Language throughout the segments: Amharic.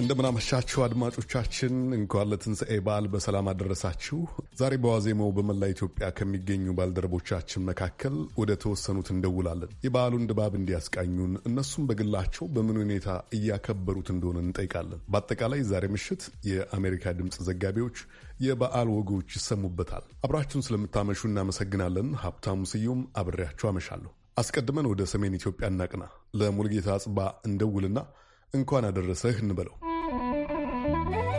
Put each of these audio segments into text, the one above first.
እንደምናመሻችሁ አድማጮቻችን፣ እንኳን ለትንሣኤ በዓል በሰላም አደረሳችሁ። ዛሬ በዋዜማው በመላ ኢትዮጵያ ከሚገኙ ባልደረቦቻችን መካከል ወደ ተወሰኑት እንደውላለን። የበዓሉን ድባብ እንዲያስቃኙን፣ እነሱም በግላቸው በምን ሁኔታ እያከበሩት እንደሆነ እንጠይቃለን። በአጠቃላይ ዛሬ ምሽት የአሜሪካ ድምፅ ዘጋቢዎች የበዓል ወጎች ይሰሙበታል። አብራችሁን ስለምታመሹ እናመሰግናለን። ሀብታሙ ስዩም አብሬያችሁ አመሻለሁ። አስቀድመን ወደ ሰሜን ኢትዮጵያ እናቅና። ለሙልጌታ አጽባ እንደውልና እንኳን አደረሰህ እንበለው። Bye.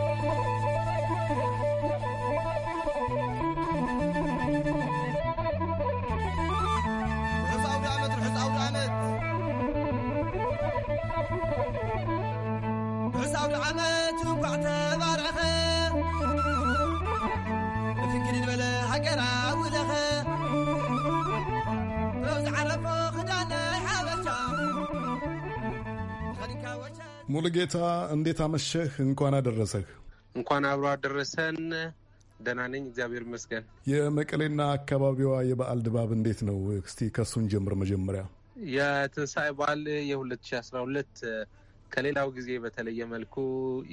ሙሉጌታ እንዴት አመሸህ? እንኳን አደረሰህ። እንኳን አብሮ አደረሰን። ደህና ነኝ እግዚአብሔር ይመስገን። የመቀሌና አካባቢዋ የበዓል ድባብ እንዴት ነው? እስቲ ከሱን ጀምር መጀመሪያ። የትንሣኤ በዓል የ2012 ከሌላው ጊዜ በተለየ መልኩ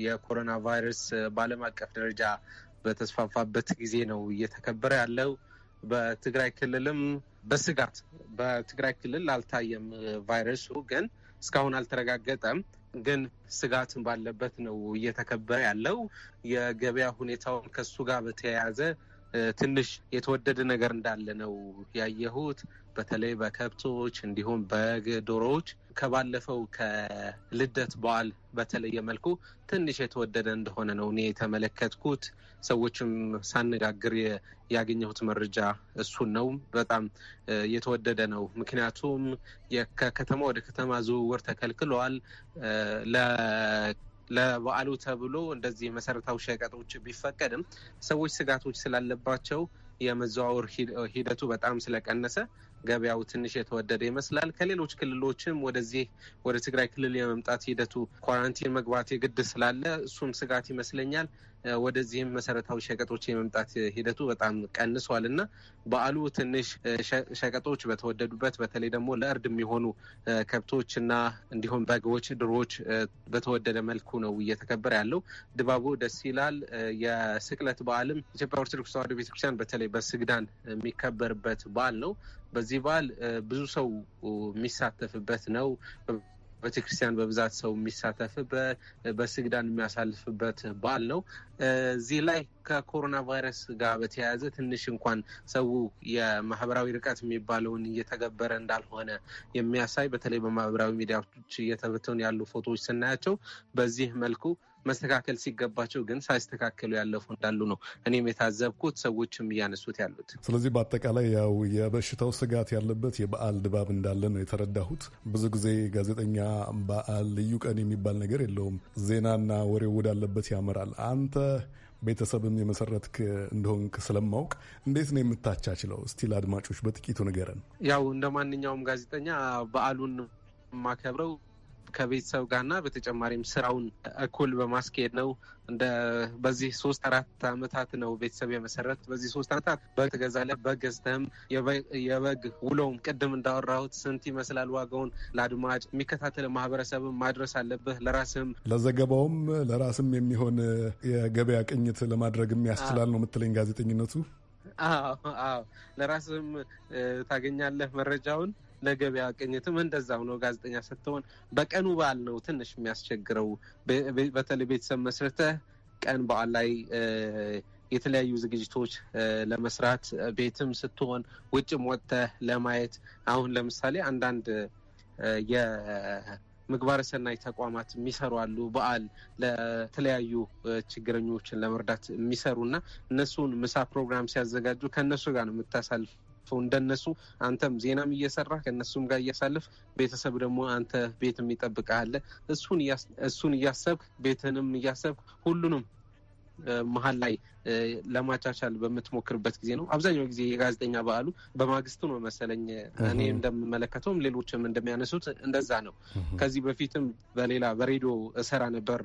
የኮሮና ቫይረስ በዓለም አቀፍ ደረጃ በተስፋፋበት ጊዜ ነው እየተከበረ ያለው። በትግራይ ክልልም በስጋት በትግራይ ክልል አልታየም ቫይረሱ ግን እስካሁን አልተረጋገጠም። ግን ስጋትን ባለበት ነው እየተከበረ ያለው። የገበያ ሁኔታውን ከሱ ጋር በተያያዘ ትንሽ የተወደደ ነገር እንዳለ ነው ያየሁት። በተለይ በከብቶች እንዲሁም በዶሮዎች ከባለፈው ከልደት በዓል በተለየ መልኩ ትንሽ የተወደደ እንደሆነ ነው እኔ የተመለከትኩት። ሰዎችም ሳነጋግር ያገኘሁት መረጃ እሱን ነው። በጣም የተወደደ ነው። ምክንያቱም ከከተማ ወደ ከተማ ዝውውር ተከልክለዋል። ለበዓሉ ተብሎ እንደዚህ መሰረታዊ ሸቀጦች ቢፈቀድም ሰዎች ስጋቶች ስላለባቸው የመዘዋወር ሂደቱ በጣም ስለቀነሰ ገበያው ትንሽ የተወደደ ይመስላል። ከሌሎች ክልሎችም ወደዚህ ወደ ትግራይ ክልል የመምጣት ሂደቱ ኳራንቲን መግባት የግድ ስላለ እሱም ስጋት ይመስለኛል። ወደዚህም መሰረታዊ ሸቀጦች የመምጣት ሂደቱ በጣም ቀንሷል እና በዓሉ ትንሽ ሸቀጦች በተወደዱበት በተለይ ደግሞ ለእርድ የሚሆኑ ከብቶች እና እንዲሁም በጎች፣ ድሮች በተወደደ መልኩ ነው እየተከበረ ያለው። ድባቡ ደስ ይላል። የስቅለት በዓልም ኢትዮጵያ ኦርቶዶክስ ተዋሕዶ ቤተክርስቲያን በተለይ በስግዳን የሚከበርበት በዓል ነው። በዚህ በዓል ብዙ ሰው የሚሳተፍበት ነው። ቤተክርስቲያን በብዛት ሰው የሚሳተፍበት በስግዳን የሚያሳልፍበት በዓል ነው። እዚህ ላይ ከኮሮና ቫይረስ ጋር በተያያዘ ትንሽ እንኳን ሰው የማህበራዊ ርቀት የሚባለውን እየተገበረ እንዳልሆነ የሚያሳይ በተለይ በማህበራዊ ሚዲያዎች እየተበተኑ ያሉ ፎቶዎች ስናያቸው በዚህ መልኩ መስተካከል ሲገባቸው ግን ሳይስተካከሉ ያለፉ እንዳሉ ነው እኔም የታዘብኩት ሰዎችም እያነሱት ያሉት። ስለዚህ በአጠቃላይ ያው የበሽታው ስጋት ያለበት የበዓል ድባብ እንዳለ ነው የተረዳሁት። ብዙ ጊዜ ጋዜጠኛ በዓል ልዩ ቀን የሚባል ነገር የለውም፣ ዜናና ወሬው ወዳለበት ያመራል። አንተ ቤተሰብም የመሰረትክ እንደሆንክ ስለማውቅ እንዴት ነው የምታቻችለው? እስቲ ለአድማጮች በጥቂቱ ንገረን። ያው እንደ ማንኛውም ጋዜጠኛ በዓሉን የማከብረው ከቤተሰብ ጋርና በተጨማሪም ስራውን እኩል በማስኬድ ነው። እንደ በዚህ ሶስት አራት አመታት ነው ቤተሰብ የመሰረት በዚህ ሶስት አመታት በግ ትገዛለህ። በግ ገዝተህም የበግ ውለውም ቅድም እንዳወራሁት ስንት ይመስላል ዋጋውን ለአድማጭ የሚከታተል ማህበረሰብም ማድረስ አለብህ። ለራስህም ለዘገባውም ለራስም የሚሆን የገበያ ቅኝት ለማድረግም ያስችላል ነው የምትለኝ ጋዜጠኝነቱ? አዎ አዎ፣ ለራስህም ታገኛለህ መረጃውን ለገበያ ቅኝትም እንደዛው ነው። ጋዜጠኛ ስትሆን በቀኑ በዓል ነው ትንሽ የሚያስቸግረው። በተለይ ቤተሰብ መስርተህ ቀን በዓል ላይ የተለያዩ ዝግጅቶች ለመስራት ቤትም ስትሆን ውጭም ወጥተህ ለማየት አሁን ለምሳሌ አንዳንድ ምግባረ ሰናይ ተቋማት የሚሰሩ አሉ። በዓል ለተለያዩ ችግረኞችን ለመርዳት የሚሰሩ እና እነሱን ምሳ ፕሮግራም ሲያዘጋጁ ከእነሱ ጋር ነው የምታሳልፍ የሚያሳልፈው እንደነሱ አንተም ዜናም እየሰራ ከእነሱም ጋር እያሳልፍ ቤተሰብ ደግሞ አንተ ቤት የሚጠብቀሃለ እሱን እያሰብክ ቤትንም እያሰብክ ሁሉንም መሀል ላይ ለማቻቻል በምትሞክርበት ጊዜ ነው። አብዛኛው ጊዜ የጋዜጠኛ በዓሉ በማግስቱ ነው መሰለኝ። እኔ እንደምመለከተውም ሌሎችም እንደሚያነሱት እንደዛ ነው። ከዚህ በፊትም በሌላ በሬዲዮ እሰራ ነበር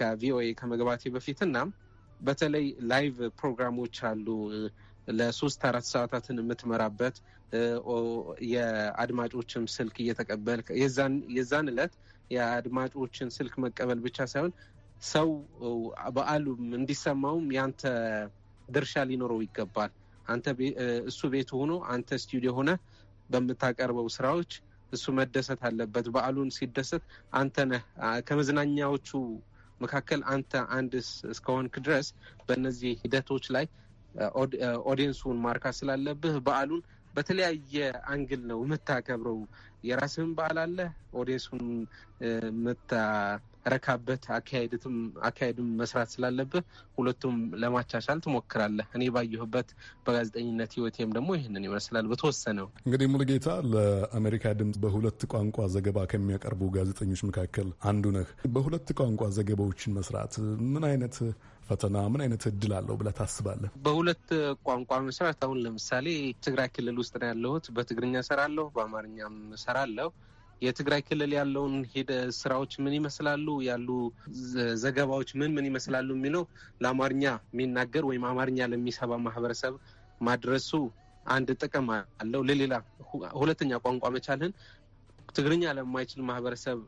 ከቪኦኤ ከመግባቴ በፊት እና በተለይ ላይቭ ፕሮግራሞች አሉ ለሶስት አራት ሰዓታትን የምትመራበት የአድማጮችም ስልክ እየተቀበል የዛን እለት የአድማጮችን ስልክ መቀበል ብቻ ሳይሆን ሰው በዓሉም እንዲሰማውም ያንተ ድርሻ ሊኖረው ይገባል። አንተ እሱ ቤት ሆኖ አንተ ስቱዲዮ ሆነ በምታቀርበው ስራዎች እሱ መደሰት አለበት። በዓሉን ሲደሰት አንተ ነህ ከመዝናኛዎቹ መካከል አንተ አንድ እስከሆንክ ድረስ በእነዚህ ሂደቶች ላይ ኦዲየንሱን ማርካት ስላለብህ በዓሉን በተለያየ አንግል ነው የምታከብረው። የራስህን በዓል አለ ኦዲየንሱን የምታረካበት አካሄድትም አካሄድም መስራት ስላለብህ ሁለቱም ለማቻቻል ትሞክራለህ። እኔ ባየሁበት በጋዜጠኝነት ህይወቴም ደግሞ ይህንን ይመስላል። በተወሰነው እንግዲህ ሙሉጌታ ለአሜሪካ ድምፅ በሁለት ቋንቋ ዘገባ ከሚያቀርቡ ጋዜጠኞች መካከል አንዱ ነህ። በሁለት ቋንቋ ዘገባዎችን መስራት ምን አይነት ፈተና ምን አይነት እድል አለው ብለህ ታስባለህ? በሁለት ቋንቋ መስራት አሁን ለምሳሌ ትግራይ ክልል ውስጥ ነው ያለሁት። በትግርኛ ሰራለሁ፣ በአማርኛም ሰራለሁ። የትግራይ ክልል ያለውን ሄደ ስራዎች ምን ይመስላሉ ያሉ ዘገባዎች ምን ምን ይመስላሉ የሚለው ለአማርኛ የሚናገር ወይም አማርኛ ለሚሰባ ማህበረሰብ ማድረሱ አንድ ጥቅም አለው። ለሌላ ሁለተኛ ቋንቋ መቻልህን ትግርኛ ለማይችል ማህበረሰብ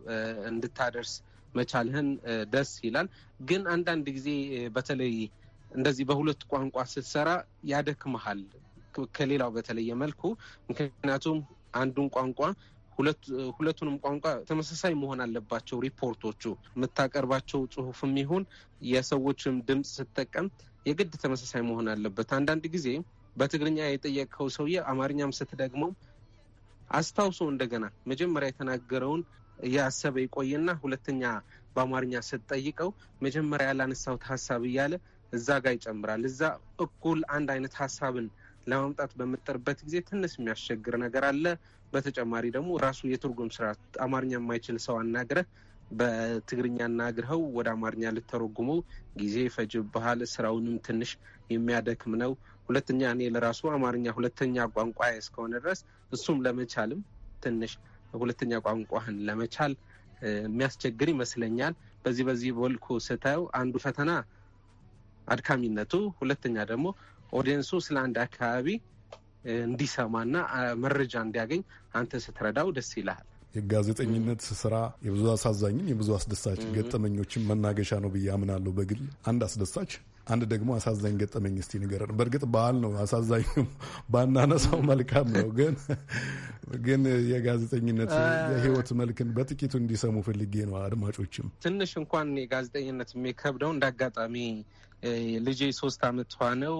እንድታደርስ መቻልህን ደስ ይላል። ግን አንዳንድ ጊዜ በተለይ እንደዚህ በሁለት ቋንቋ ስትሰራ ያደክመሃል ከሌላው በተለየ መልኩ ምክንያቱም አንዱን ቋንቋ ሁለቱንም ቋንቋ ተመሳሳይ መሆን አለባቸው። ሪፖርቶቹ የምታቀርባቸው ጽሁፍም ይሁን የሰዎችም ድምፅ ስትጠቀም የግድ ተመሳሳይ መሆን አለበት። አንዳንድ ጊዜ በትግርኛ የጠየቅከው ሰውዬ አማርኛም ስትደግመው አስታውሶ እንደገና መጀመሪያ የተናገረውን እያሰበ ይቆይና ሁለተኛ በአማርኛ ስትጠይቀው መጀመሪያ ያላነሳሁት ሀሳብ እያለ እዛ ጋር ይጨምራል። እዛ እኩል አንድ አይነት ሀሳብን ለማምጣት በምጥርበት ጊዜ ትንሽ የሚያስቸግር ነገር አለ። በተጨማሪ ደግሞ ራሱ የትርጉም ስራ አማርኛ የማይችል ሰው አናግረህ በትግርኛ እናግርኸው ወደ አማርኛ ልተረጉመው ጊዜ ይፈጅብሃል። ስራውንም ትንሽ የሚያደክም ነው። ሁለተኛ እኔ ለራሱ አማርኛ ሁለተኛ ቋንቋ እስከሆነ ድረስ እሱም ለመቻልም ትንሽ ሁለተኛ ቋንቋህን ለመቻል የሚያስቸግር ይመስለኛል። በዚህ በዚህ በልኩ ስታየው አንዱ ፈተና አድካሚነቱ፣ ሁለተኛ ደግሞ ኦዲየንሱ ስለ አንድ አካባቢ እንዲሰማና መረጃ እንዲያገኝ አንተ ስትረዳው ደስ ይልሃል። የጋዜጠኝነት ስራ የብዙ አሳዛኝን የብዙ አስደሳች ገጠመኞችን መናገሻ ነው ብዬ አምናለሁ። በግል አንድ አስደሳች አንድ ደግሞ አሳዛኝ ገጠመኝ እስቲ ንገረን። በእርግጥ በዓል ነው፣ አሳዛኝ ባናነሳው መልካም ነው። ግን ግን የጋዜጠኝነት የህይወት መልክን በጥቂቱ እንዲሰሙ ፈልጌ ነው። አድማጮችም ትንሽ እንኳን የጋዜጠኝነት የሚከብደው እንዳጋጣሚ ልጄ ሶስት አመቷ ነው።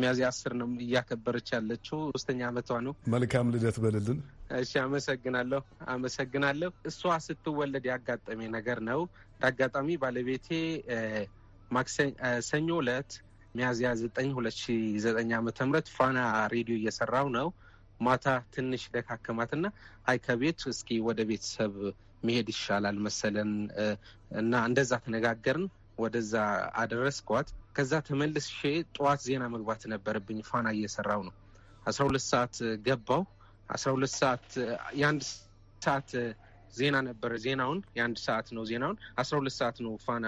ሚያዝያ አስር ነው እያከበረች ያለችው ሶስተኛ አመቷ ነው። መልካም ልደት በልልን። እሺ፣ አመሰግናለሁ አመሰግናለሁ። እሷ ስትወለድ ያጋጠሜ ነገር ነው። እንዳጋጣሚ ባለቤቴ ሰኞ ዕለት ሚያዝያ ዘጠኝ ሁለት ሺ ዘጠኝ ዓመተ ፋና ሬዲዮ እየሰራው ነው። ማታ ትንሽ ደካከማትና አይ ከቤት እስኪ ወደ ቤተሰብ መሄድ ይሻላል መሰለን እና እንደዛ ተነጋገርን። ወደዛ አደረስኳት። ከዛ ተመልሼ ጠዋት ዜና መግባት ነበረብኝ። ፋና እየሰራው ነው። አስራ ሁለት ሰዓት ገባው። አስራ ሁለት ሰዓት የአንድ ሰዓት ዜና ነበረ። ዜናውን የአንድ ሰዓት ነው ዜናውን አስራ ሁለት ሰዓት ነው ፋና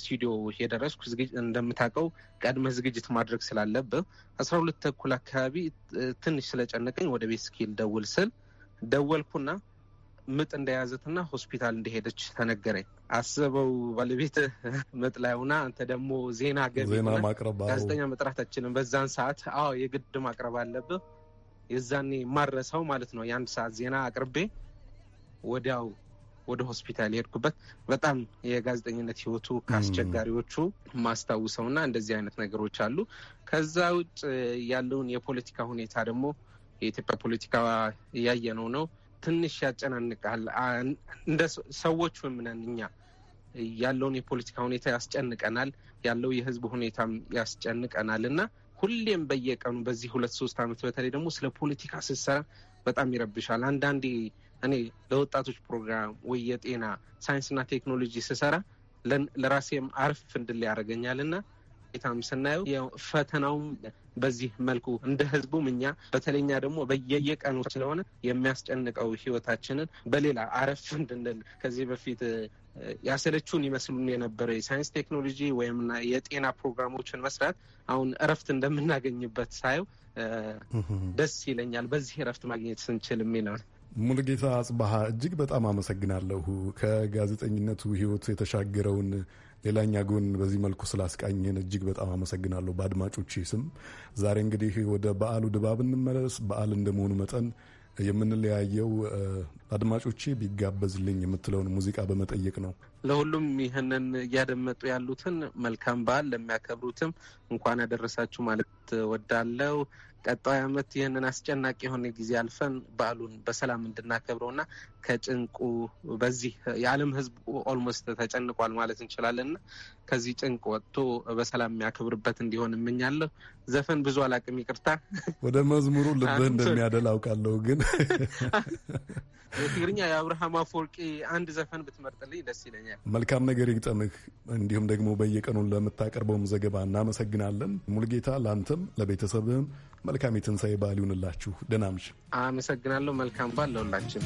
ስቱዲዮ የደረስኩ። እንደምታውቀው ቀድመ ዝግጅት ማድረግ ስላለብህ አስራ ሁለት ተኩል አካባቢ ትንሽ ስለጨነቀኝ ወደ ቤት ስኪል ደውል ስል ደወልኩና ምጥ እንደያዘትና ሆስፒታል እንደሄደች ተነገረኝ። አስበው ባለቤት ምጥ ላይ አንተ ደግሞ ዜና ገቢ ጋዜጠኛ መጥራት አችልም በዛን ሰዓት። አዎ የግድ ማቅረብ አለብህ። የዛኔ ማረሰው ማለት ነው የአንድ ሰዓት ዜና አቅርቤ ወዲያው ወደ ሆስፒታል የሄድኩበት በጣም የጋዜጠኝነት ህይወቱ ከአስቸጋሪዎቹ ማስታውሰውና እንደዚህ አይነት ነገሮች አሉ። ከዛ ውጭ ያለውን የፖለቲካ ሁኔታ ደግሞ የኢትዮጵያ ፖለቲካ እያየነው ነው። ትንሽ ያጨናንቃል። እንደ ሰዎች ምነን እኛ ያለውን የፖለቲካ ሁኔታ ያስጨንቀናል። ያለው የህዝብ ሁኔታም ያስጨንቀናል እና ሁሌም በየቀኑ በዚህ ሁለት ሶስት ዓመት በተለይ ደግሞ ስለ ፖለቲካ ስትሰራ በጣም ይረብሻል። አንዳንዴ እኔ ለወጣቶች ፕሮግራም ወይ የጤና ሳይንስና ቴክኖሎጂ ስሰራ ለራሴም አርፍ እንድል ያደርገኛልና ጌታም ስናየው ፈተናውም በዚህ መልኩ እንደ ህዝቡም እኛ በተለይኛ ደግሞ በየየቀኑ ስለሆነ የሚያስጨንቀው ህይወታችንን በሌላ አረፍ እንድንል ከዚህ በፊት ያሰለችውን ይመስሉን የነበረ የሳይንስ ቴክኖሎጂ ወይም የጤና ፕሮግራሞችን መስራት አሁን እረፍት እንደምናገኝበት ሳየው ደስ ይለኛል። በዚህ እረፍት ማግኘት ስንችል የሚለው ሙልጌታ አጽባሀ እጅግ በጣም አመሰግናለሁ። ከጋዜጠኝነቱ ህይወት የተሻገረውን ሌላኛ ጎን በዚህ መልኩ ስላስቃኝን እጅግ በጣም አመሰግናለሁ በአድማጮች ስም። ዛሬ እንግዲህ ወደ በዓሉ ድባብ እንመለስ። በዓል እንደመሆኑ መጠን የምንለያየው አድማጮቼ ቢጋበዝልኝ የምትለውን ሙዚቃ በመጠየቅ ነው። ለሁሉም ይህንን እያደመጡ ያሉትን መልካም በዓል ለሚያከብሩትም እንኳን ያደረሳችሁ ማለት ወዳለው ቀጣይ ዓመት ይህንን አስጨናቂ የሆነ ጊዜ አልፈን በዓሉን በሰላም እንድናከብረውና ከጭንቁ በዚህ የዓለም ህዝብ ኦልሞስት ተጨንቋል ማለት እንችላለን እና ከዚህ ጭንቅ ወጥቶ በሰላም የሚያከብርበት እንዲሆን እምኛለሁ። ዘፈን ብዙ አላቅም፣ ይቅርታ። ወደ መዝሙሩ ልብህ እንደሚያደል አውቃለሁ። ግን የትግርኛ የአብርሃም አፈወርቂ አንድ ዘፈን ብትመርጥልኝ ደስ ይለኛል። መልካም ነገር ይግጠምህ። እንዲሁም ደግሞ በየቀኑን ለምታቀርበውም ዘገባ እናመሰግናለን ሙልጌታ። ለአንተም ለቤተሰብህም መልካም የትንሣኤ በዓል ይሁንላችሁ። ደህና አመሰግናለሁ። መልካም በዓል ለሁላችን።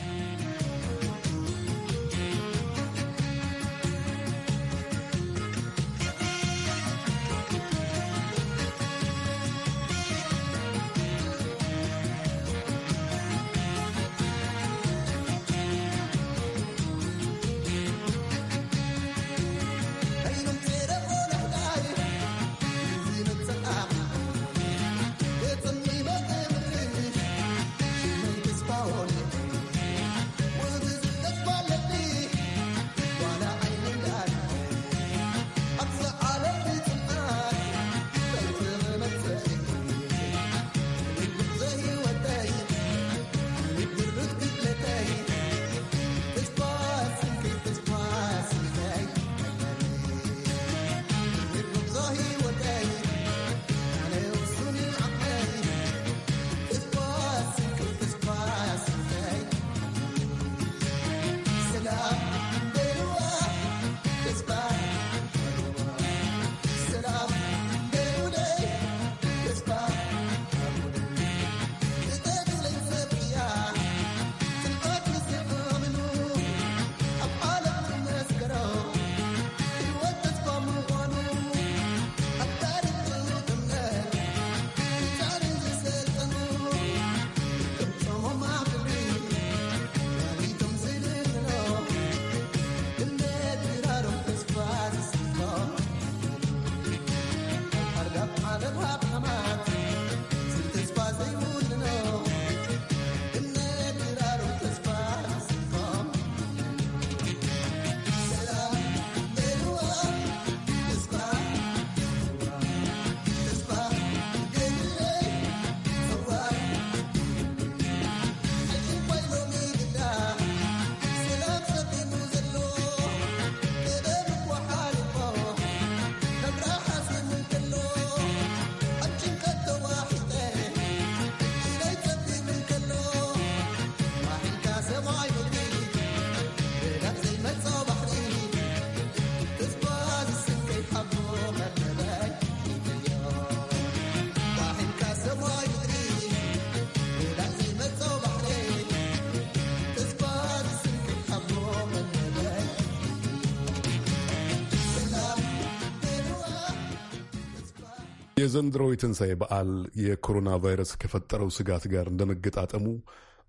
የዘንድሮ የትንሣኤ በዓል የኮሮና ቫይረስ ከፈጠረው ስጋት ጋር እንደመገጣጠሙ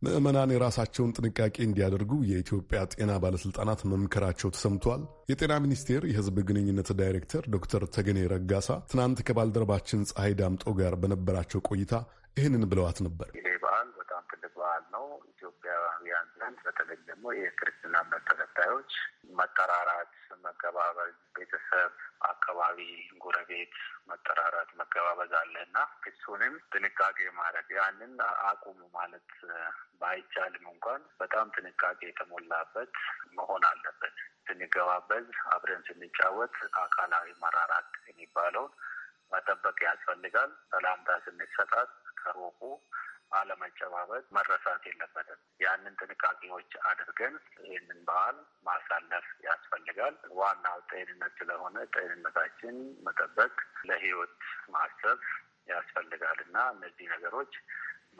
ምዕመናን የራሳቸውን ጥንቃቄ እንዲያደርጉ የኢትዮጵያ ጤና ባለሥልጣናት መምከራቸው ተሰምቷል። የጤና ሚኒስቴር የሕዝብ ግንኙነት ዳይሬክተር ዶክተር ተገኔ ረጋሳ ትናንት ከባልደረባችን ፀሐይ ዳምጦ ጋር በነበራቸው ቆይታ ይህንን ብለዋት ነበር። ይሄ በዓል በጣም ትልቅ በዓል ነው። ኢትዮጵያውያን ዘንድ በተለይ ደግሞ የክርስትና እምነት ተከታዮች መጠራራት መገባበዝ፣ ቤተሰብ፣ አካባቢ፣ ጎረቤት መጠራራት፣ መገባበዝ አለ እና እሱንም ጥንቃቄ ማድረግ ያንን አቁሙ ማለት ባይቻልም እንኳን በጣም ጥንቃቄ የተሞላበት መሆን አለበት። ስንገባበዝ፣ አብረን ስንጫወት አካላዊ መራራት የሚባለውን መጠበቅ ያስፈልጋል። ሰላምታ ስንሰጣት ከሮቁ አለመጨባበጥ መረሳት የለበትም። ያንን ጥንቃቄዎች አድርገን ይህንን በዓል ማሳለፍ ያስፈልጋል። ዋናው ጤንነት ስለሆነ ጤንነታችን መጠበቅ ለህይወት ማሰብ ያስፈልጋል እና እነዚህ ነገሮች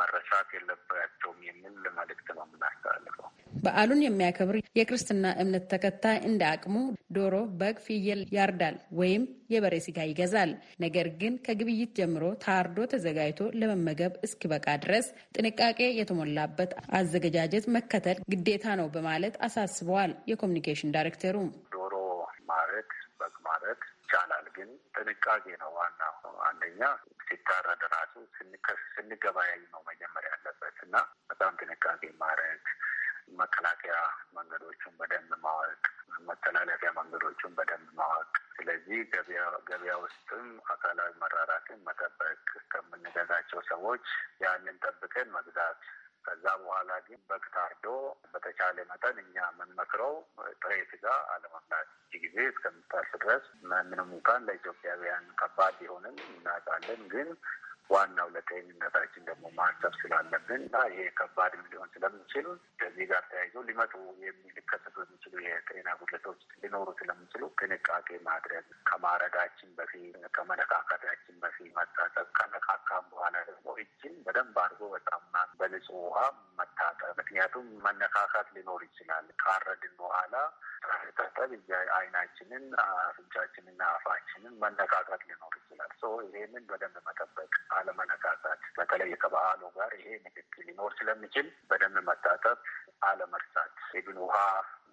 መረሳት የለባቸውም የሚል መልእክት ነው የምናስተላልፈው። በዓሉን የሚያከብር የክርስትና እምነት ተከታይ እንደ አቅሙ ዶሮ፣ በግ፣ ፍየል ያርዳል ወይም የበሬ ስጋ ይገዛል። ነገር ግን ከግብይት ጀምሮ ታርዶ ተዘጋጅቶ ለመመገብ እስኪበቃ ድረስ ጥንቃቄ የተሞላበት አዘገጃጀት መከተል ግዴታ ነው በማለት አሳስበዋል የኮሚኒኬሽን ዳይሬክተሩም ጥንቃቄ ነው ዋናው። አንደኛ ሲታረድ ራሱ ስንገበያይ ነው መጀመሪያ ያለበት እና በጣም ጥንቃቄ ማድረግ መከላከያ መንገዶቹን በደንብ ማወቅ፣ መተላለፊያ መንገዶቹን በደንብ ማወቅ። ስለዚህ ገበያ ውስጥም አካላዊ መራራትን መጠበቅ፣ ከምንገዛቸው ሰዎች ያንን ጠብቀን መግዛት ከዛ በኋላ ግን በግ ታርዶ በተቻለ መጠን እኛ የምንመክረው ጥሬ ስጋ አለመብላት እዚህ ጊዜ እስከምታልፍ ድረስ ምንም እንኳን ለኢትዮጵያውያን ከባድ ቢሆንም እናውቃለን ግን ዋናው ለጤንነታችን ደግሞ ማሰብ ስላለብን እና ይሄ ከባድ ሊሆን ስለምንችል ከዚህ ጋር ተያይዘው ሊመጡ ሊከሰቱ የሚችሉ የጤና ጉድለቶች ሊኖሩ ስለሚችሉ ጥንቃቄ ማድረግ ከማረጋችን በፊት ከመነካከታችን በፊት መታጠብ፣ ከነካካም በኋላ ደግሞ እጅን በደንብ አድርጎ በጣምና በንጹህ ውሃ መታጠብ። ምክንያቱም መነካካት ሊኖር ይችላል። ካረድን በኋላ መታጠብ አይናችንን፣ አፍንጫችንና አፋችንን መነካካት ሊኖር ይችላል። ሶ ይሄንን በደንብ መጠበቅ፣ አለመነካካት በተለይ ከበዓሉ ጋር ይሄ ንክኪ ሊኖር ስለሚችል በደንብ መታጠብ አለመርሳት ኢቭን ውሃ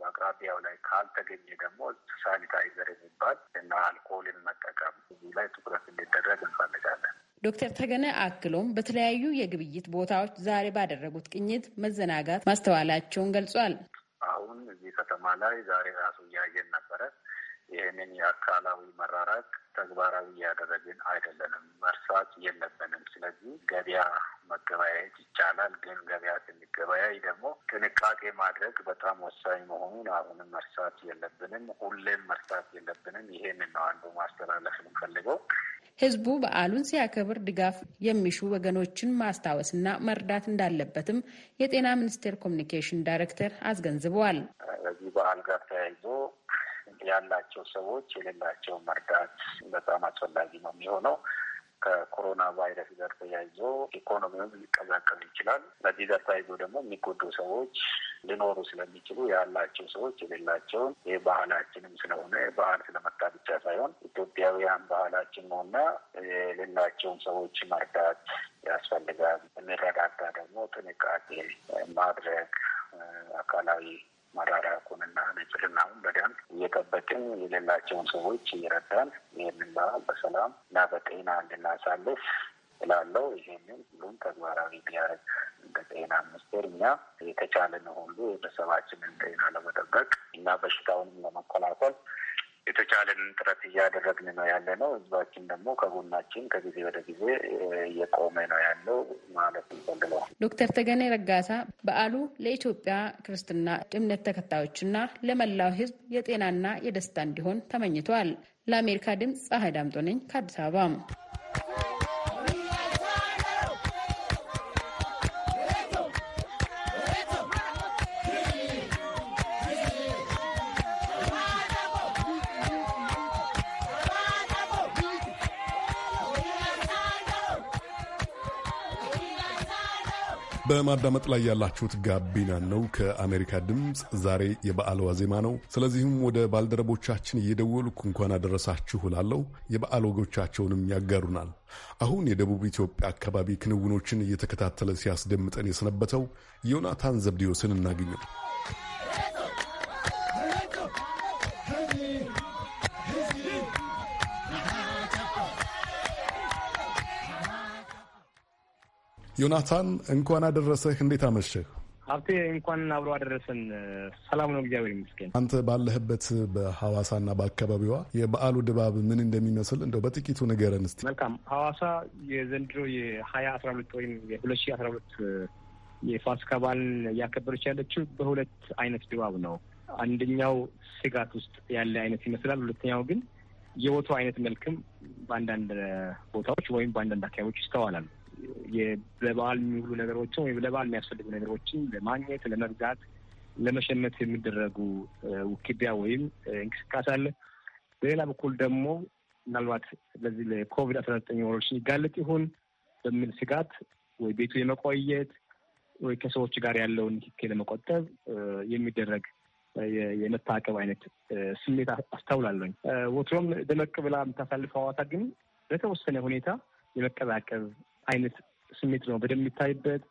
በአቅራቢያው ላይ ካልተገኘ ደግሞ ሳኒታይዘር የሚባል እና አልኮልን መጠቀም እዚህ ላይ ትኩረት እንዲደረግ እንፈልጋለን። ዶክተር ተገነ አክሎም በተለያዩ የግብይት ቦታዎች ዛሬ ባደረጉት ቅኝት መዘናጋት ማስተዋላቸውን ገልጿል። አሁን እዚህ ከተማ ላይ ዛሬ ራሱ እያየን ነበረ። ይህንን የአካላዊ መራራቅ ተግባራዊ እያደረግን አይደለንም፣ መርሳት የለብንም። ስለዚህ ገበያ መገበያየት ይቻላል። ግን ገበያ ስንገበያይ ደግሞ ጥንቃቄ ማድረግ በጣም ወሳኝ መሆኑን አሁንም መርሳት የለብንም፣ ሁሌም መርሳት የለብንም። ይሄንን ነው አንዱ ማስተላለፍ የምንፈልገው። ህዝቡ በዓሉን ሲያከብር ድጋፍ የሚሹ ወገኖችን ማስታወስና መርዳት እንዳለበትም የጤና ሚኒስቴር ኮሚኒኬሽን ዳይሬክተር አስገንዝበዋል። በዚህ በዓል ጋር ተያይዞ ያላቸው ሰዎች የሌላቸው መርዳት በጣም አስፈላጊ ነው የሚሆነው ከኮሮና ቫይረስ ጋር ተያይዞ ኢኮኖሚውን ሊቀዛቀዝ ይችላል። በዚህ ጋር ተያይዞ ደግሞ የሚጎዱ ሰዎች ሊኖሩ ስለሚችሉ ያላቸው ሰዎች የሌላቸውን ይህ ባህላችንም ስለሆነ ባህል ስለመጣ ብቻ ሳይሆን ኢትዮጵያውያን ባህላችን ነውና የሌላቸውን ሰዎች መርዳት ያስፈልጋል። የሚረዳዳ ደግሞ ጥንቃቄ ማድረግ አካላዊ ማራራቁንና ንጽህናውን በደንብ እየጠበቅን የሌላቸውን ሰዎች እየረዳን ይህንን በዓል በሰላም እና በጤና እንድናሳልፍ ስላለው ይህንን ሁሉም ተግባራዊ ቢያደርግ ጤና ሚኒስቴር እኛ የተቻለን ሁሉ የቤተሰባችንን ጤና ለመጠበቅ እና በሽታውንም ለመከላከል የተቻለን ጥረት እያደረግን ነው ያለ ነው። ህዝባችን ደግሞ ከጎናችን ከጊዜ ወደ ጊዜ እየቆመ ነው ያለው ማለት ይፈልገዋል። ዶክተር ተገኔ ረጋሳ በዓሉ ለኢትዮጵያ ክርስትና እምነት ተከታዮችና ለመላው ህዝብ የጤናና የደስታ እንዲሆን ተመኝተዋል። ለአሜሪካ ድምፅ ፀሐይ ዳምጦ ነኝ ከአዲስ አበባ። በማዳመጥ ላይ ያላችሁት ጋቢና ነው ከአሜሪካ ድምፅ። ዛሬ የበዓል ዋዜማ ነው። ስለዚህም ወደ ባልደረቦቻችን እየደወልኩ እንኳን አደረሳችሁ እላለሁ። የበዓል ወጎቻቸውንም ያጋሩናል። አሁን የደቡብ ኢትዮጵያ አካባቢ ክንውኖችን እየተከታተለ ሲያስደምጠን የሰነበተው ዮናታን ዘብዲዮስን እናገኘው። ዮናታን እንኳን አደረሰህ። እንዴት አመሸህ? ሀብቴ እንኳን አብሮ አደረሰን። ሰላም ነው፣ እግዚአብሔር ይመስገን። አንተ ባለህበት በሐዋሳና በአካባቢዋ የበዓሉ ድባብ ምን እንደሚመስል እንደው በጥቂቱ ንገረን እስቲ። መልካም። ሐዋሳ የዘንድሮ የሀያ አስራ ሁለት ወይም የሁለት ሺ አስራ ሁለት የፋሲካ በዓልን እያከበረች ያለችው በሁለት አይነት ድባብ ነው። አንደኛው ስጋት ውስጥ ያለ አይነት ይመስላል። ሁለተኛው ግን የቦታው አይነት መልክም በአንዳንድ ቦታዎች ወይም በአንዳንድ አካባቢዎች ይስተዋላሉ። ለበዓል የሚውሉ ነገሮችን ወይም ለበዓል የሚያስፈልጉ ነገሮችን ለማግኘት፣ ለመግዛት፣ ለመሸመት የሚደረጉ ውክቢያ ወይም እንቅስቃሴ አለ። በሌላ በኩል ደግሞ ምናልባት ለዚህ ለኮቪድ አስራ ዘጠኝ ወረርሽኝ ይጋለጥ ይሆን በሚል ስጋት ወይ ቤቱ የመቆየት ወይ ከሰዎች ጋር ያለውን ንክኪ ለመቆጠብ የሚደረግ የመታቀብ አይነት ስሜት አስታውላለኝ። ወትሮም ደመቅ ብላ የምታሳልፈው ሐዋሳ ግን በተወሰነ ሁኔታ የመቀዛቀዝ አይነት ስሜት ነው በደንብ የሚታይበት።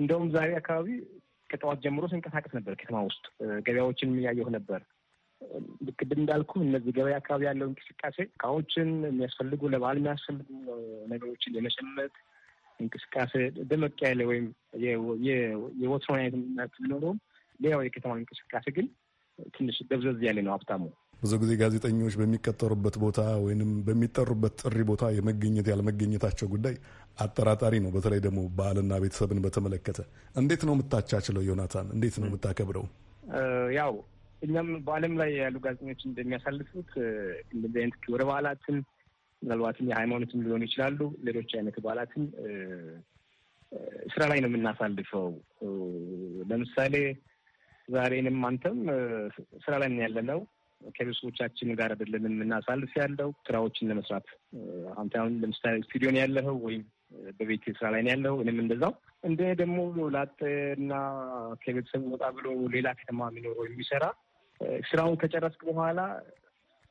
እንደውም ዛሬ አካባቢ ከጠዋት ጀምሮ ስንቀሳቀስ ነበር፣ ከተማ ውስጥ ገበያዎችን የሚያየሁ ነበር። ቅድም እንዳልኩ እነዚህ ገበያ አካባቢ ያለው እንቅስቃሴ እቃዎችን የሚያስፈልጉ ለበዓል የሚያስፈልጉ ነገሮችን የመሸመት እንቅስቃሴ ደመቅ ያለ ወይም የወትሮን አይነት ቢኖረውም ሌላው የከተማ እንቅስቃሴ ግን ትንሽ ደብዘዝ ያለ ነው። ሀብታሙ ብዙ ጊዜ ጋዜጠኞች በሚቀጠሩበት ቦታ ወይም በሚጠሩበት ጥሪ ቦታ የመገኘት ያለመገኘታቸው ጉዳይ አጠራጣሪ ነው። በተለይ ደግሞ ባህልና ቤተሰብን በተመለከተ እንዴት ነው የምታቻችለው? ዮናታን እንዴት ነው የምታከብረው? ያው እኛም በዓለም ላይ ያሉ ጋዜጠኞች እንደሚያሳልፉት እንደዚህ አይነት ክብረ በዓላትን ምናልባትም የሃይማኖትም ሊሆኑ ይችላሉ፣ ሌሎች አይነት በዓላትን ስራ ላይ ነው የምናሳልፈው። ለምሳሌ ዛሬንም አንተም ስራ ላይ ያለ ነው ከቤተሰቦቻችን ጋር አይደለም የምናሳልፍ ያለው ስራዎችን ለመስራት አንተ አሁን ለምሳሌ ስቱዲዮን ያለኸው ወይም በቤት ስራ ላይ ያለው እኔም እንደዛው እንደ ደግሞ ላጤና ከቤተሰብ ወጣ ብሎ ሌላ ከተማ የሚኖረው የሚሰራ ስራውን ከጨረስክ በኋላ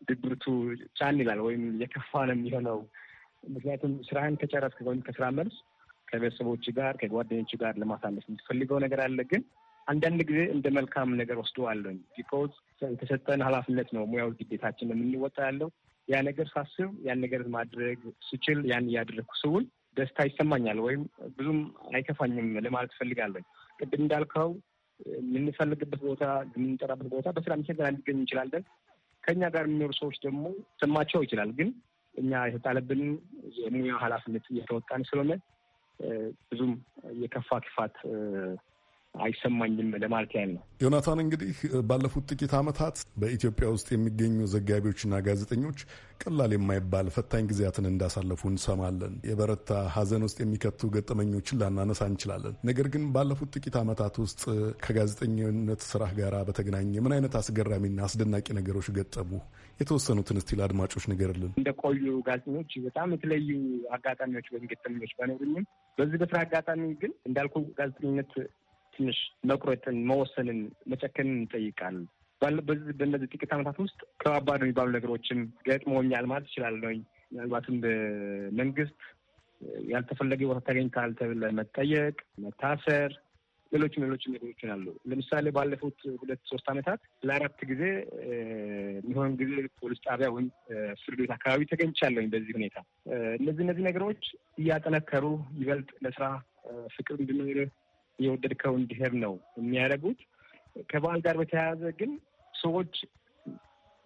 ድብርቱ ጫን ይላል ወይም የከፋ ነው የሚሆነው። ምክንያቱም ስራህን ከጨረስክ ወይም ከስራ መልስ ከቤተሰቦች ጋር ከጓደኞች ጋር ለማሳለፍ የምትፈልገው ነገር አለ ግን አንዳንድ ጊዜ እንደ መልካም ነገር ወስደዋለሁኝ። ቢኮዝ የተሰጠን ኃላፊነት ነው ሙያው ግዴታችን የምንወጣ ያለው ያ ነገር ሳስብ ያን ነገር ማድረግ ስችል ያን እያደረግኩ ስውል ደስታ ይሰማኛል፣ ወይም ብዙም አይከፋኝም ለማለት እፈልጋለሁ። ቅድም እንዳልከው የምንፈልግበት ቦታ የምንጠራበት ቦታ በስራ ምክንያት ላንገኝ እንችላለን። ከእኛ ጋር የሚኖሩ ሰዎች ደግሞ ሰማቸው ይችላል፣ ግን እኛ የተጣለብን የሙያ ኃላፊነት እየተወጣን ስለሆነ ብዙም የከፋ ክፋት አይሰማኝም ለማለት ያህል ነው። ዮናታን እንግዲህ ባለፉት ጥቂት ዓመታት በኢትዮጵያ ውስጥ የሚገኙ ዘጋቢዎችና ጋዜጠኞች ቀላል የማይባል ፈታኝ ጊዜያትን እንዳሳለፉ እንሰማለን። የበረታ ሐዘን ውስጥ የሚከቱ ገጠመኞችን ላናነሳ እንችላለን። ነገር ግን ባለፉት ጥቂት ዓመታት ውስጥ ከጋዜጠኝነት ስራህ ጋር በተገናኘ ምን አይነት አስገራሚና አስደናቂ ነገሮች ገጠሙ? የተወሰኑትን እስቲ ለአድማጮች ንገርልን። እንደ ቆዩ ጋዜጠኞች በጣም የተለዩ አጋጣሚዎች ወይም ገጠመኞች ባይኖሩኝም በዚህ በስራ አጋጣሚ ግን እንዳልኩ ጋዜጠኝነት ትንሽ መቁረጥን፣ መወሰንን፣ መጨከንን ይጠይቃል። በዚህ በእነዚህ ጥቂት አመታት ውስጥ ከባባድ የሚባሉ ነገሮችን ገጥሞኛል ማለት ይችላል እችላለሁ። ምናልባትም በመንግስት ያልተፈለገ ቦታ ተገኝታል ተብለ መጠየቅ፣ መታሰር፣ ሌሎችም ሌሎችም ነገሮችን አሉ። ለምሳሌ ባለፉት ሁለት ሶስት አመታት ለአራት ጊዜ የሚሆን ጊዜ ፖሊስ ጣቢያ ወይም ፍርድ ቤት አካባቢ ተገኝቻለሁኝ። በዚህ ሁኔታ እነዚህ እነዚህ ነገሮች እያጠነከሩ ይበልጥ ለስራ ፍቅር እንድንኖር የወደድከው እንዲሄድ ነው የሚያደርጉት። ከባህል ጋር በተያያዘ ግን ሰዎች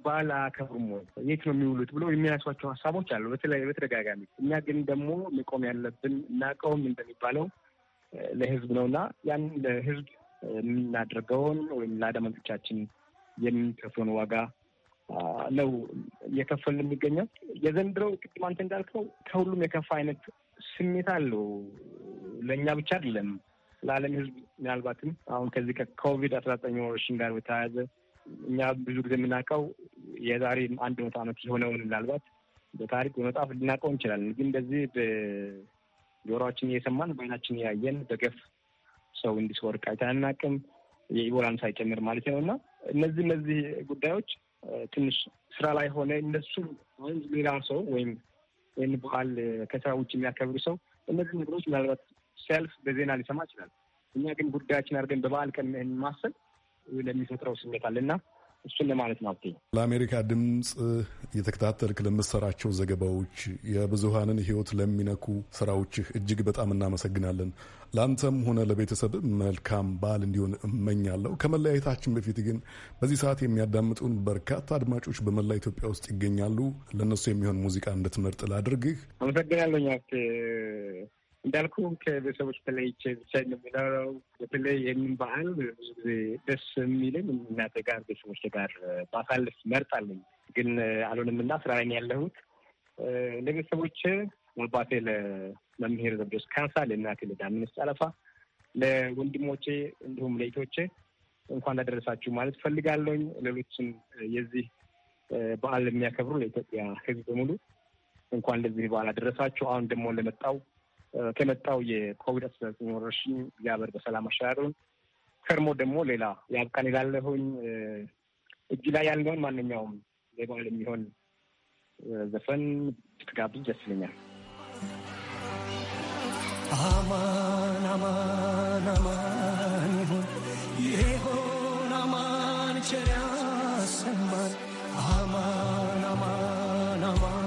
ባል አከብሩም ወይ የት ነው የሚውሉት ብሎ የሚያነሷቸው ሀሳቦች አሉ በተለይ በተደጋጋሚ። እኛ ግን ደግሞ መቆም ያለብን እናቀውም እንደሚባለው ለህዝብ ነው እና ያንን ለህዝብ የምናደርገውን ወይም ለአድማጮቻችን የምንከፍለውን ዋጋ ነው እየከፈልን የሚገኘው። የዘንድሮው ቅድም አንተ እንዳልከው ከሁሉም የከፋ አይነት ስሜት አለው። ለእኛ ብቻ አይደለም ለዓለም ሕዝብ ምናልባትም አሁን ከዚህ ከኮቪድ አስራ ዘጠኝ ወረርሽኝ ጋር በተያያዘ እኛ ብዙ ጊዜ የምናውቀው የዛሬ አንድ መቶ ዓመት የሆነውን ምናልባት በታሪክ በመጽሐፍ ልናውቀው እንችላለን። ግን እንደዚህ በጆሮችን እየሰማን በአይናችን እያየን በገፍ ሰው እንዲስወርቅ አይተን አናውቅም። የኢቦላን ሳይጨምር ማለት ነው። እና እነዚህ እነዚህ ጉዳዮች ትንሽ ስራ ላይ ሆነ እነሱ ሌላ ሰው ወይም ይህን በዓል ከስራ ውጭ የሚያከብሩ ሰው እነዚህ ነገሮች ምናልባት ሰልፍ በዜና ሊሰማ ይችላል። እኛ ግን ጉዳያችን አድርገን በበዓል ቀን ማሰብ ለሚፈጥረው ስሜት አለና እሱን ለማለት ነው። ለአሜሪካ ድምፅ የተከታተልክ ለምትሰራቸው ዘገባዎች፣ የብዙሀንን ህይወት ለሚነኩ ስራዎችህ እጅግ በጣም እናመሰግናለን። ለአንተም ሆነ ለቤተሰብ መልካም በዓል እንዲሆን እመኛለሁ። ከመለያየታችን በፊት ግን በዚህ ሰዓት የሚያዳምጡን በርካታ አድማጮች በመላ ኢትዮጵያ ውስጥ ይገኛሉ። ለእነሱ የሚሆን ሙዚቃ እንድትመርጥ ላድርግህ። አመሰግናለሁ። እንዳልኩ ከቤተሰቦች ተለይቼ ብቻ የሚኖረው በተለይ ይህንን በዓል ብዙ ጊዜ ደስ የሚለኝ እናቴ ጋር ቤተሰቦች ጋር ባሳልፍ መርጣለኝ። ግን አልሆንም እና ስራ ላይ ያለሁት ለቤተሰቦች አባቴ ለመምህር ዘብዶስ ካሳ፣ ለእናቴ ለዳምነሽ ጠለፋ፣ ለወንድሞቼ እንዲሁም ለይቶቼ እንኳን አደረሳችሁ ማለት ፈልጋለኝ። ሌሎችም የዚህ በዓል የሚያከብሩ ለኢትዮጵያ ሕዝብ በሙሉ እንኳን ለዚህ በዓል አደረሳችሁ። አሁን ደግሞ ለመጣው ከመጣው የኮቪድ አስራ ዘጠኝ ወረርሽኝ እግዚአብሔር በሰላም አሻሩን ከርሞ ደግሞ ሌላ ያብቃን ይላለሁኝ። እጅ ላይ ያለውን ማንኛውም የበዓል የሚሆን ዘፈን ትጋብዝ ደስ ይለኛል። አማን አማን አማን ይሁን ይሆን አማን ቸር ያሰማን አማን አማን አማን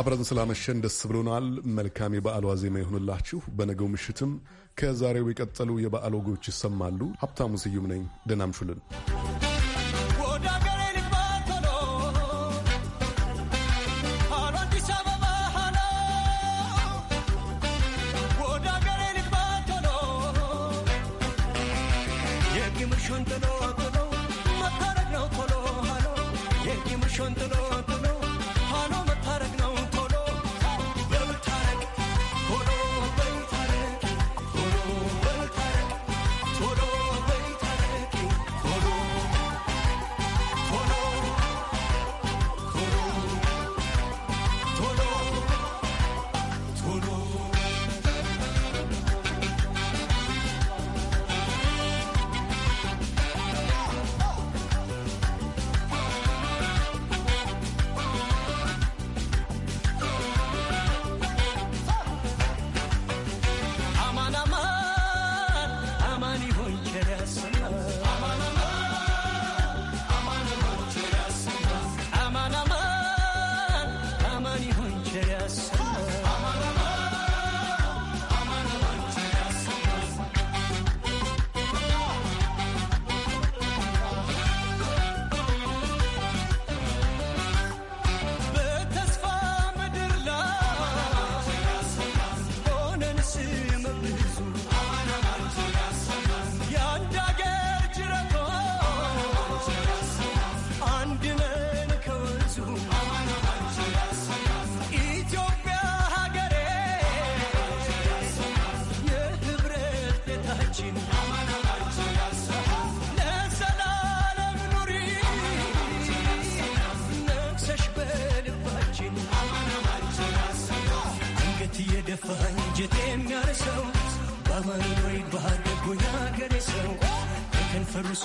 አብረን ስላመሸን ደስ ብሎናል። መልካም የበዓል ዋዜማ ይሁንላችሁ። በነገው ምሽትም ከዛሬው የቀጠሉ የበዓል ወጎች ይሰማሉ። ሀብታሙ ስዩም ነኝ። ደናምሹልን።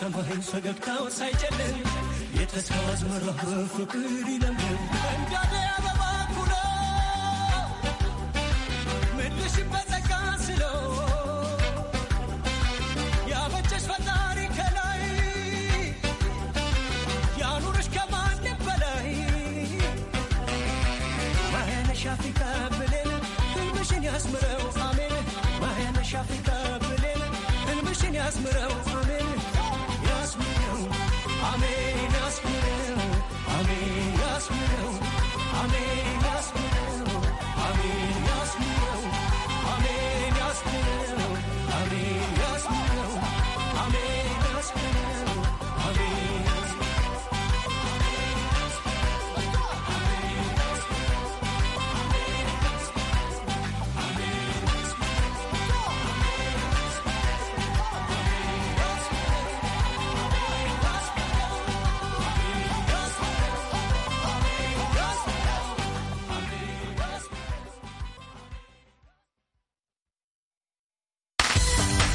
ሰማይን ፈገግታውን ሳይጨልም የተስፋ አዝመራ ፍቅር ይለምል